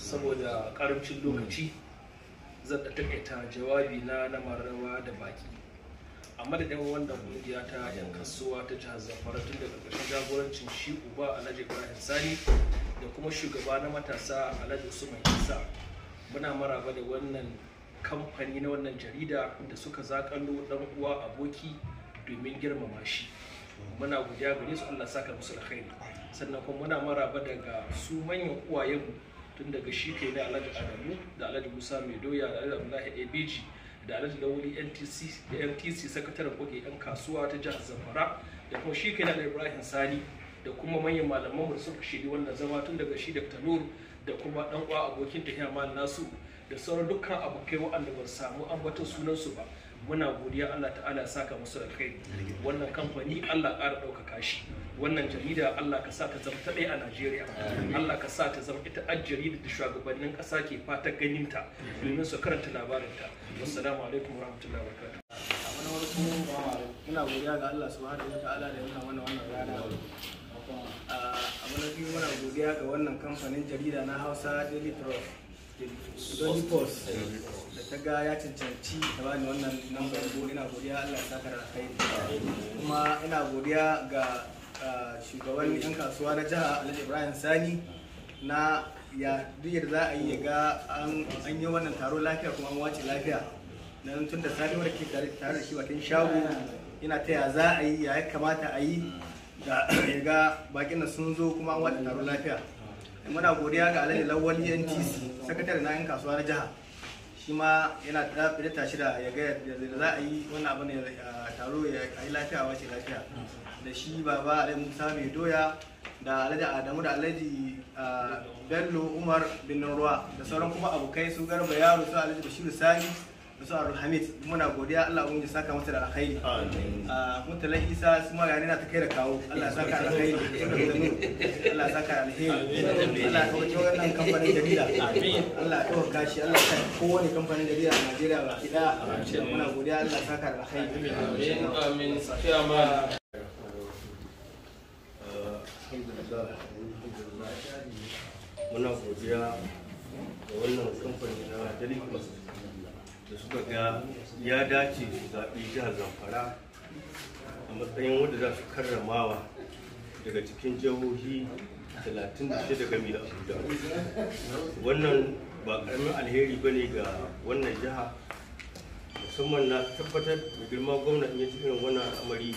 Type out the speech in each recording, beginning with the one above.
saboda ƙarancin lokaci zan da takaita jawabi na na marawa da baki a dama wanda kungiya ta yan kasuwa ta jihar zamfara tun daga ƙarshen jagorancin shi uba alhaji ibrahim sani da kuma shugaba na matasa alhaji usman isa muna maraba da wannan kamfani na wannan jarida da suka zakalo dan uwa aboki domin girmama shi muna godiya gare su Allah saka musu alkhairi sannan kuma muna maraba daga su manyan uwayenmu tun daga shi kai na alhaji adamu da alhaji musa mai doya da alhaji abdullahi abiji da alhaji da mtc sakataren kuke yan kasuwa ta jihar zamfara da kuma shi kai na da ibrahim sani da kuma manyan malaman da suka shiri wannan zama tun daga shi da nur da kuma dan uwa abokin tafiya mal nasu da sauran dukkan abokai waɗanda ba samu ambaton sunansu ba muna godiya Allah ta'ala saka musu kai. wannan kamfani Allah ƙara ɗaukaka shi wannan jarida Allah ka sa ta zama ta a Najeriya Allah ka sa ta zama ita ajjari da shugabannin ƙasa ke fata ganin ta domin su karanta labarin ta wassalamu alaikum warahmatullahi wabarakatuh ina godiya ga Allah subhanahu wataala da yana mana wannan rana A na biyu muna godiya ga wannan kamfanin jarida na Hausa Daily Trust Daily Post da ta ga ya cancanci da bani wannan nan ina godiya Allah ya saka da kai kuma ina godiya ga Uh, shugaban yan kasuwa na jiha alhaji ibrahim sani na ya duk yadda za a yi ya ga an yi wannan taro lafiya kuma an wace lafiya na tun da safe ke tare da shi bakin shago yana ta ya za a yi ya ya kamata a yi da ya ga bakin nan sun zo kuma an wace taro lafiya muna godiya ga alhaji lawali ntc sakatare na yan kasuwa na jiha shi ma yana da tashi da ya ga yadda za a yi wani abu ne eh, taro ya yi lafiya wace lafiya da shi baba alai musa mai doya da alhaji adamu da alhaji eh, bello umar bin ruwa da sauran kuma abokai su garba yaro su alhaji bashiru sani su Abdulhamid muna godiya Allah ubangi saka masa da alkhairi ah, mutalai Isa su ma gani na ta kai da kawo Allah saka alkhairi Allah saka alheri Allah ya kawo wannan kamfanin jarida Allah ya kawo kashi Allah ya saka kowane kamfanin jarida a Najeriya ba kida muna godiya Allah saka alkhairi amin amin ah, safiya ah, muna godiya da wannan kamfani na Dalit Masu da suka ga ya dace su zaɓi jihar zamfara a matsayin wanda za su karramawa daga cikin jihohi 36 daga da abuja wannan ba ƙaramin alheri ba ne ga wannan jiha musamman na tabbatar da girma gwamna in ya ci irin wannan al'amari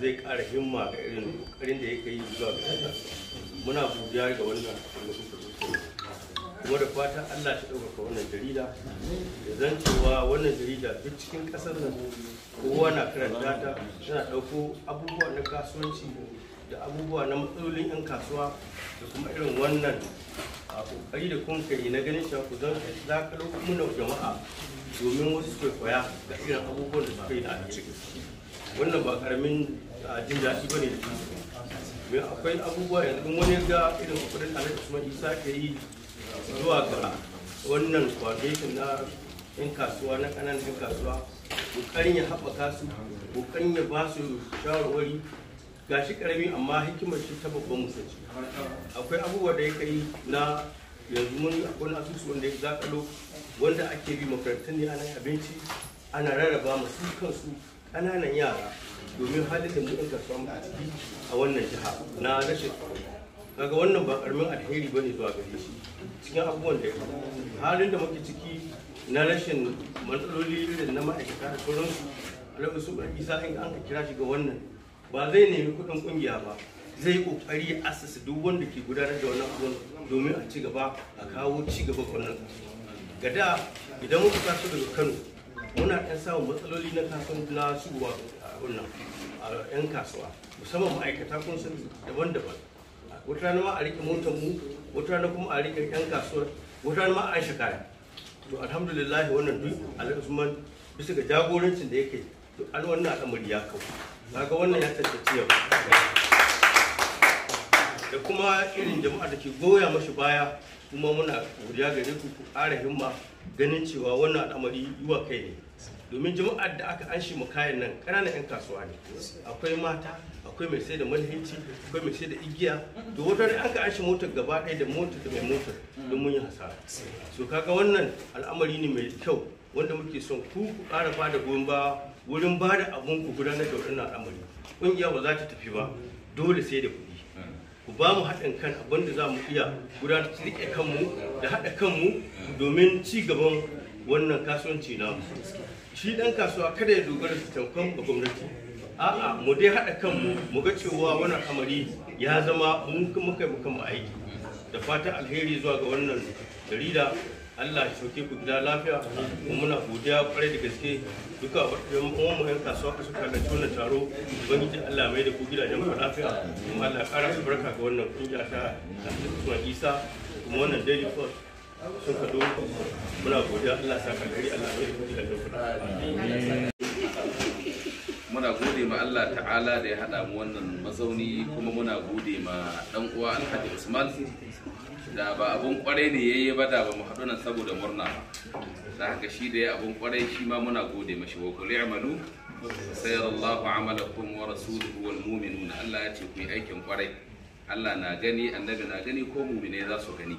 zai ƙara himma ga irin ƙoƙarin da ya kai zuwa ga muna godiya ga wannan kuma da fata Allah ta ɗaukaka wannan jarida da zan cewa wannan jarida duk cikin ƙasar nan kowa na karanta ta tana ɗauko abubuwa na kasuwanci da abubuwa na matsalolin 'yan kasuwa da kuma irin wannan a ƙoƙari da kuma kai na ganin cewa ku zan zakalo muna jama'a domin wasu suke koya ga irin abubuwan da suka yi da ciki wannan ba karamin jin daɗi ba ne da akwai abubuwa yanzu wani ga irin kudin alhaji usman isa ke yi zuwa ga wannan foundation na yan kasuwa na ƙananan yan kasuwa ƙoƙarin ya haɓaka su ƙoƙarin ya ba su shawarwari ga shi ƙarami amma hikimar shi ta babban musulci akwai abubuwa da ya kai na yanzu mun akwai asusu wanda ya zakalo wanda ake bi makarantun ne ana abinci ana rarraba masu kansu ƙananan yara domin halin da mu ɗin kasuwa a wannan jiha na rashin daga wannan ba karamin alheri bane zuwa gare shi cikin abubuwan da halin da muke ciki na rashin matsaloli irin na ma'aikata da sauransu alaƙa su ɗan isa in an ka kira shi ga wannan ba zai nemi kuɗin ƙungiya ba zai ƙoƙari ya asasa duk wanda ke gudanar da wannan abun domin a ci gaba a kawo ci gaba wannan ga da idan muka taso daga kano muna ɗan samun matsaloli na kasuwanci na shigowa a wannan 'yan kasuwa musamman ma'aikata kun san daban-daban wata rana ma a rike motar mu wata rana kuma a rike yan kasuwar wata rana ma a aisha kaya to alhamdulillah wannan duk al'usman bisa ga jagorancin da yake duk an wannan al'amari ya kawo kaga wannan ya tantance yau da kuma irin jama'a da ke goya mashi baya kuma muna godiya gare ku ku ƙara himma ganin cewa wannan al'amari yiwa kai ne domin jama'ar da aka an shi kayan nan ƙananan 'yan kasuwa ne akwai mata akwai mai sai da malhinci akwai mai sai da igiya da wata ne aka anshi shi motar gaba ɗaya da motar da mai motar don mun yi hasara so kaga wannan al'amari ne mai kyau wanda muke son ku ku ƙara ba da goyon ba wurin ba da abun ku gudanar da waɗannan al'amari ƙungiya ba za ta tafi ba dole sai da kuɗi ku ba mu haɗin kan abin da za mu iya gudanar da riƙe kanmu da haɗa kanmu domin ci gaban wannan kasuwanci na. shi ɗan kasuwa kada ya dogara taukan ga gwamnati a'a mu dai haɗa kanmu mu ga cewa wannan amari ya zama mun muka mu aiki da fatan alheri zuwa ga wannan jarida Allah ya shauke ku gida lafiya kuma muna godiya kwarai da gaske duka yan kuma mu yan kasuwa ka suka da tona taro ubangiji Allah mai da ku gidajen ku lafiya kuma Allah ya kara albarka ga wannan kungiya ta Isa kuma wannan daily post muna gode ma Allah ta'ala da ya haɗa mu wannan mazauni kuma muna gode ma ɗan uwa Alhaji Usman da ba abun kwarai ne yayi ba da ba mu haɗu nan saboda murna ba da haka shi da ya abun kwarai shi ma muna gode mashi wa kulli amalu sayarallahu amalakum wa rasuluhu wal mu'minun Allah ya ce ku yi aikin kwarai Allah na gani annabi na gani ko mu'mine za su gani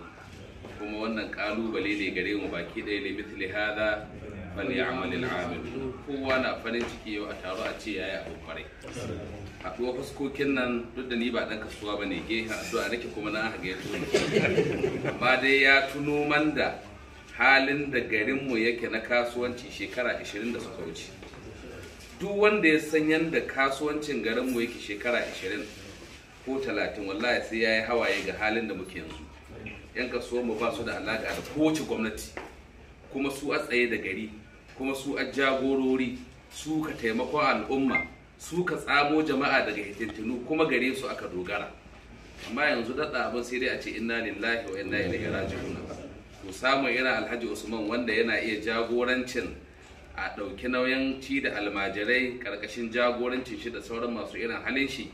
kuma wannan kalubale ne gare mu baki ɗaya ne mitli hada fal amalin amil kowa na farin ciki yau a taro a ce yayi abu kwarai haɗuwa fuskokin nan duk da ni ba ɗan kasuwa ba ne gehen addu'a nake kuma na haga ya amma dai ya tuno man da halin da garinmu yake na kasuwanci shekara 20 da suka wuce duk wanda ya san yanda kasuwancin garinmu yake shekara 20 ko 30 wallahi sai ya yi hawaye ga halin da muke yanzu 'yan kasuwar mu ba su da alaka da kowace gwamnati kuma su a tsaye da gari kuma su a jagorori su ka taimakon al'umma su ka tsamo jama'a daga hitintinu kuma gare su aka dogara amma yanzu daɗa abin sai dai a ce inna lillahi wa inna ilaihi raji'un to samu irin alhaji usman wanda yana iya jagorancin a ɗauki nauyin ci da almajirai ƙarƙashin jagorancin shi da sauran masu irin halin shi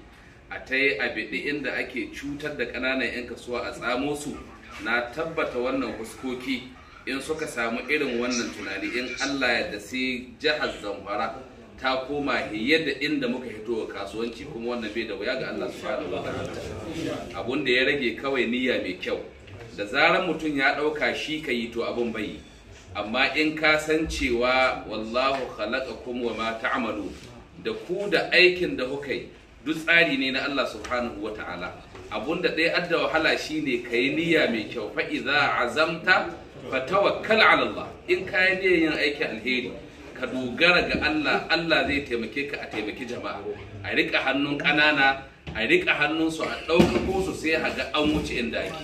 a ta yi a inda ake cutar da ƙananan 'yan kasuwa a tsamo su na tabbata wannan huskoki in suka samu irin wannan tunani in Allah ya da sai jihar Zamfara ta koma da inda muka hito wa kasuwanci kuma wannan bai da wuya ga Allah subhanahu wa abun da ya rage kawai niyya mai kyau da zarar mutum ya ɗauka shi ka yi to abun bai amma in ka san cewa wallahu khalaqakum wa ma ta'malu da ku da aikin da kuka duk tsari ne na Allah subhanahu wa ta'ala abunda ɗaya adda wahala shine ka yi niyya mai kyau fa idza azamta fa tawakkal ala Allah in ka yi niyyar yin aikin alheri ka dogara ga Allah Allah zai taimake ka a taimaki jama'a a rika hannun ƙanana a rika hannun su a ɗaukako su sai a ga an wuce inda ake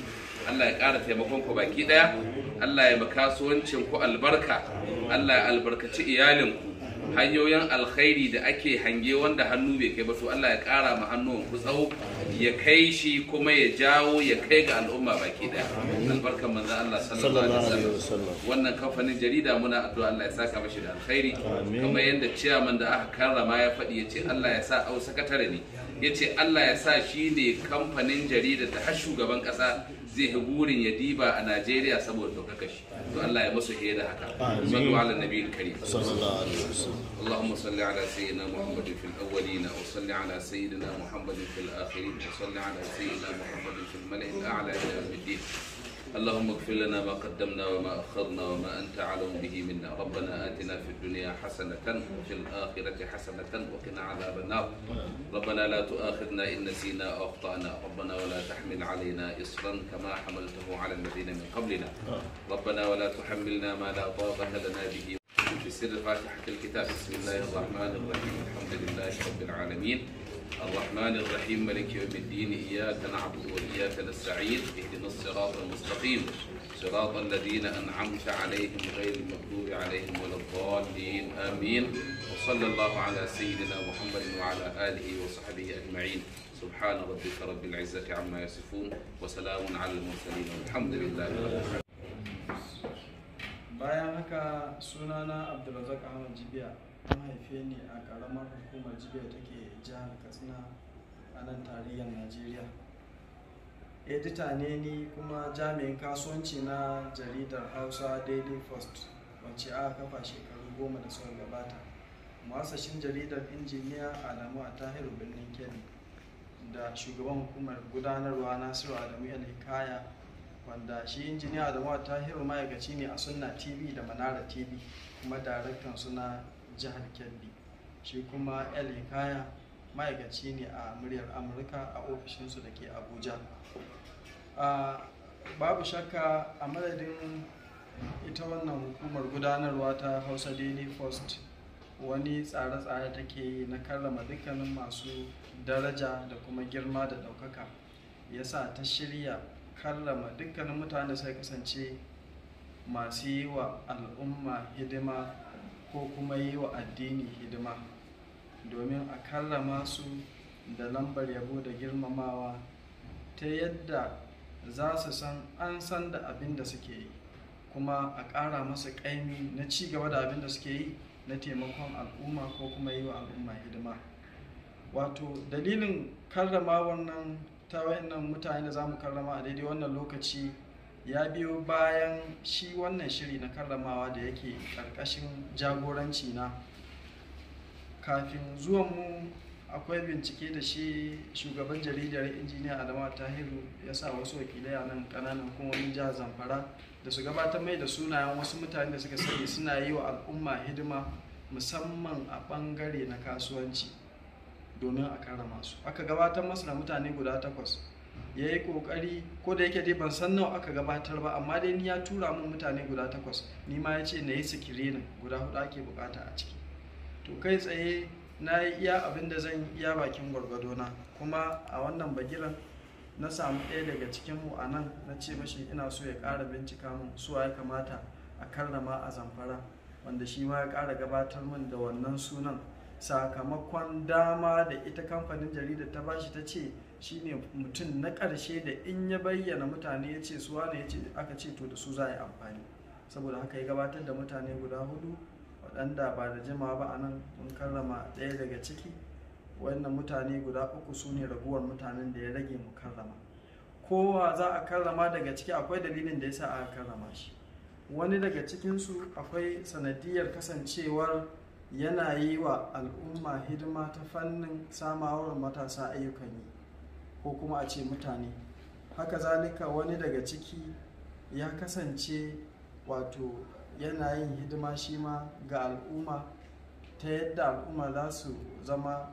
Allah ya ƙara taimakon ku baki ɗaya Allah ya ba kasuwancin ku albarka Allah ya albarkaci iyalinku hanyoyin alkhairi da ake hange wanda hannu bai kai ba to Allah ya kara ma hannuwan ku tsawo ya kai shi kuma ya jawo ya kai ga al'umma baki daya albarkan manzo Allah sallallahu alaihi wasallam wannan kamfanin jarida muna addu'a Allah ya saka mashi da alkhairi kamar yadda ciyaman da aka karrama ya faɗi ya ce Allah ya sa au sakatare ne ya ce Allah ya sa shi ne kamfanin jarida ta har shugaban ƙasa zai gurin ya diba a Najeriya saboda ɗaukakar shi to Allah ya musu hira haka sallu ala nabiyil karim sallallahu alaihi wasallam اللهم صل على سيدنا محمد في الاولين وصل على سيدنا محمد في الاخرين وصل على سيدنا محمد في الملأ الاعلى الى يوم الدين اللهم اغفر لنا ما قدمنا وما أخرنا وما أنت أعلم به منا ربنا آتنا في الدنيا حسنة وفي الآخرة حسنة وقنا عذاب النار ربنا لا تؤاخذنا إن نسينا أو أخطأنا ربنا ولا تحمل علينا إصرا كما حملته على الذين من قبلنا ربنا ولا تحملنا ما لا طاقة لنا به في سر فاتحة الكتاب بسم الله الرحمن الرحيم الحمد لله رب العالمين الرحمن الرحيم ملك يوم الدين إياك نعبد وإياك نستعين اهدنا الصراط المستقيم صراط الذين أنعمت عليهم غير المغضوب عليهم ولا الضالين آمين وصلى الله على سيدنا محمد وعلى آله وصحبه أجمعين سبحان ربك رب العزة عما يصفون وسلام على المرسلين والحمد لله رب العالمين. bayan haka عبد abdulrazak ahmad jibiya an haife ni a karamar hukumar jibiya take jihar katsina a nan tarihin najeriya edita ne ni kuma jami'in kasuwanci na jaridar hausa daily post wacce aka kafa shekaru goma da suka gabata masashin jaridar injiniya adamu a tahiru birnin Kenan, da shugaban hukumar gudanarwa nasiru adamu yan kaya wanda shi injiniya adamu a tahiru ma'aikaci ne a sunna tv da manara tv kuma daraktan suna jihar kebbi shi kuma el hikaya ma'aikaci ne a muryar amurka a ofishinsu da ke abuja babu shakka a madadin ita wannan hukumar gudanarwa ta hausa daily post wani tsare-tsare take yi na karrama dukkanin masu daraja da kuma girma da ɗaukaka sa ta shirya karrama dukkanin mutane sai kasance masu yi wa al'umma hidima ko kuma yi wa addini hidima domin a karrama su da lambar yabo da girmamawa ta yadda za su san an san da abin da suke yi kuma a ƙara masa ƙaimi na ci gaba da abin da suke yi na taimakon al'umma ko kuma yi wa al'umma hidima wato dalilin karrama wannan ta wayannan mutane da za mu karrama a daidai wannan lokaci ya biyo bayan shi wannan shiri na karramawa da yake karkashin jagoranci na kafin zuwanmu akwai bincike da shi shugaban jaridar injiniya adama tahiru ya sa wasu wakilai a nan kananan hukumomin jihar zamfara da su gabatar mai da sunayen wasu mutane da suka sani suna yi wa al'umma hidima musamman a bangare na kasuwanci domin a karrama su aka gabatar masu da mutane guda takwas ya yi kokari ko da yake dai ban san nawa aka gabatar ba amma dai ni ya tura mun mutane guda takwas ni ma ya ce na yi sikirinin guda hudu ake bukata a ciki to kai tsaye na yi iya abin da zan iya bakin gwargwado na kuma a wannan bagiran na samu ɗaya daga cikin mu a nan na ce mashi ina so ya ƙara bincika min suwa ya kamata a karrama a zamfara wanda shi ma ya ƙara gabatar min da wannan sunan sakamakon dama da ita kamfanin jaridar ta bashi ta ce shine mutum na ƙarshe da in ya bayyana mutane ya ce suwa ne ya ce aka ce to da su za a yi amfani saboda haka ya gabatar da mutane guda hudu waɗanda ba da jimawa ba a nan mun karrama ɗaya daga ciki wannan mutane guda uku su ne raguwar mutanen da ya rage mu karrama kowa za a karrama daga ciki akwai dalilin da ya sa aka karrama shi wani daga cikinsu akwai sanadiyar kasancewar yana yi wa al'umma hidima ta fannin samawar matasa ayyukan yi ko kuma a ce mutane haka zalika wani daga ciki ya kasance wato yana yin hidima shi ma ga al'umma ta yadda al'umma za su zama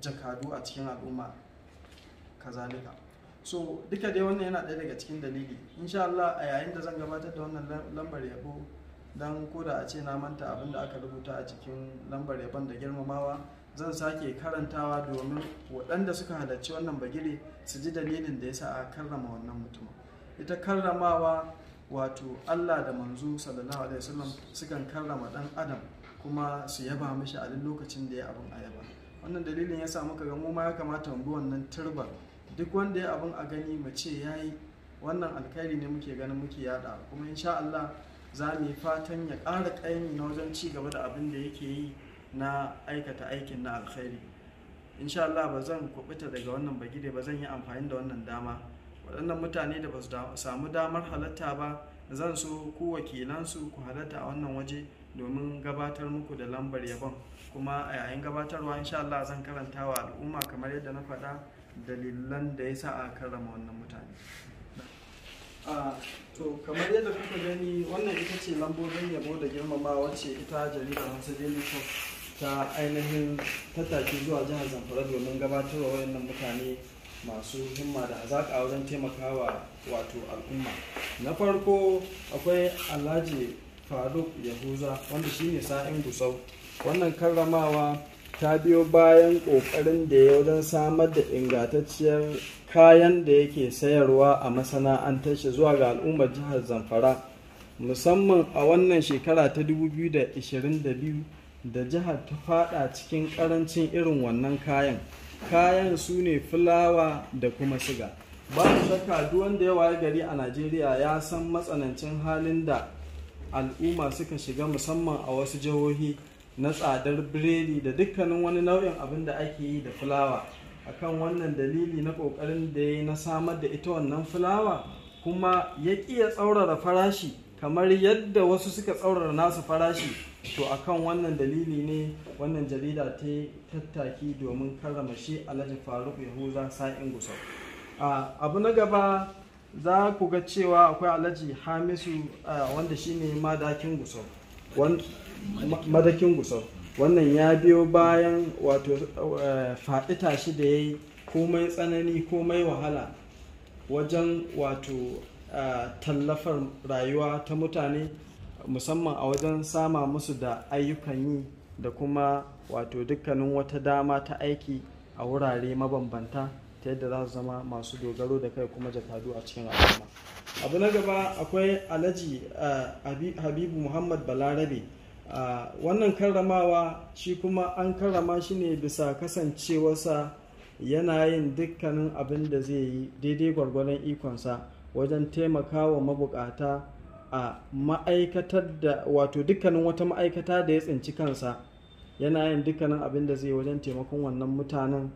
jakadu a cikin al'umma kazalika so duka dai wannan yana ɗaya daga cikin dalili insha Allah a yayin da zan gabatar da wannan lambar yabo don koda a ce na manta abin da aka rubuta a cikin lambar yabon da girmamawa zan sake karantawa domin waɗanda suka halarci wannan bagire su ji dalilin da ya sa a karrama wannan mutumin ita karramawa wato allah da manzo sallallahu alaihi wasallam sukan karrama ɗan adam kuma su yaba mishi a duk lokacin da ya abin a yaba wannan dalilin ya sa muka ga mu ma ya kamata mu bi wannan turba duk wanda ya abin a gani mu ce yayi wannan alkhairi ne muke ganin muke yada kuma insha Allah za mu yi fatan ya ƙara ƙaimi na wajen ci gaba da abin da yake yi na aikata aikin na alkhairi insha Allah ba zan kubuta daga wannan bagide ba zan yi amfani da wannan dama waɗannan mutane da ba su samu damar halatta ba zan so ku wakilansu ku halatta a wannan waje domin gabatar muku da lambar yabon kuma a yayin gabatarwa insha Allah zan karanta wa al'umma kamar yadda na faɗa dalilan da ya sa a karrama wannan mutane to kamar yadda kuka gani wannan ita ce lambobin yabo da girmamawa ce ita jaridar hausa daily ta ainihin tattaki zuwa jihar zamfara domin gabatarwa wayannan mutane masu himma da hazaƙa wajen taimakawa wato al'umma na farko akwai alhaji faruk yahuza wanda shine sa'in gusau wannan karramawa ta biyo bayan ƙoƙarin da ya wajen samar da ingantacciyar kayan da yake sayarwa a masana'antar shi zuwa ga al'ummar jihar zamfara musamman a wannan shekara ta 2022 da jihar ta fada cikin karancin irin wannan kayan kayan su ne fulawa da kuma siga ba shakka duk wanda ya waye gari a najeriya ya san matsanancin halin da al'umma suka shiga musamman a wasu jihohi na tsadar biredi da dukkanin wani nau'in abin da ake yi da fulawa akan wannan dalili na ƙoƙarin da ya yi na samar da ita wannan fulawa kuma ya ya tsaurara farashi kamar yadda wasu suka tsaurara nasu farashi to akan wannan dalili ne wannan jarida ta tattaki domin karrama shi alhaji faruk yahuza sa'in gusau abu na gaba za ku ga cewa akwai alhaji hamisu wanda shine madakin gusau madakin gusau wannan ya biyo bayan wato faɗi shi da ya yi komai tsanani komai wahala wajen wato tallafar rayuwa ta mutane musamman a wajen sama musu da ayyukan yi da kuma wato dukkanin wata dama ta aiki a wurare mabambanta ta yadda za su zama masu dogaro da kai kuma jakadu a cikin al'umma abu na gaba akwai alaji habibu muhammad balarabe wannan karramawa shi kuma an karrama shi ne bisa kasancewarsa yana yin dukkanin abin da zai yi daidai gwargwadon ikonsa wajen taimakawa mabukata a ma'aikatar da wato dukkanin wata ma'aikata da ya tsinci kansa yana yin dukkanin abin da zai wajen taimakon wannan mutanen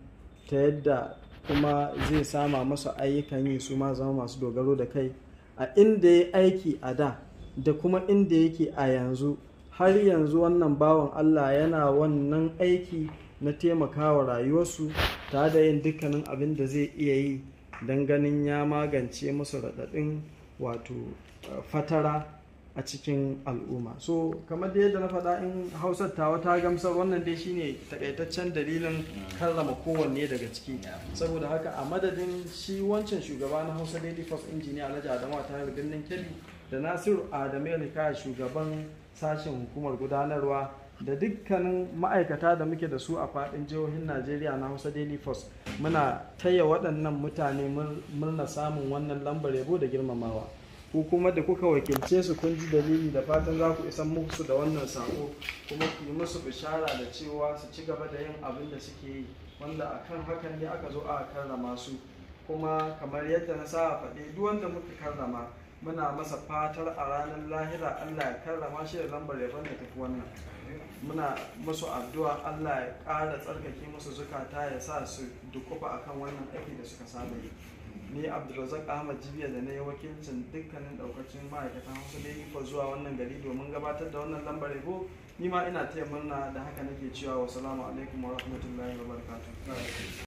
ta yadda kuma zai sama masu ayyukan yi su ma zama masu dogaro da kai a inda ya aiki a da da kuma inda yake a yanzu har yanzu wannan bawan allah yana wannan aiki na taimakawa rayuwarsu tare da yin dukkanin abin da zai iya yi don ganin ya magance musu raɗaɗin wato eh, fatara a cikin al'umma so kamar da yadda na faɗa in hausar tawa ta gamsar wannan dai shine takaitaccen dalilin karrama kowanne daga ciki saboda haka a madadin shi wancan shugaba na hausa daily first engineer alhaji adamu ta birnin kebbi da nasiru adamu ya shugaban sashen hukumar gudanarwa da dukkanin ma'aikata da muke da su a fadin jihohin najeriya na hausa daily force muna taya waɗannan mutane murna samun wannan lambar yabo da girmamawa ku kuma da kuka wakilce su kun ji dalili da fatan za ku isan musu da wannan sako kuma ku yi musu bishara da cewa su ci gaba da yin abin da suke yi wanda a kan hakan ne aka zo a karrama su kuma kamar yadda na sa faɗi duk wanda muka karrama muna masa fatar a ranar lahira allah ya karrama shi da lambar yabon da tafi wannan muna musu addu'a Allah ya ƙara tsarkake musu zukata ya sa su dukufa akan wannan aiki da suka saba yi ni abdulrazak ahmad jibiya da na yi wakilcin dukkanin daukacin ma'aikatan hausa da yi zuwa wannan gari domin gabatar da wannan lambar yabo ni ma ina taya murna da haka nake cewa wasu alaikum wa rahmatullahi wa barakatuh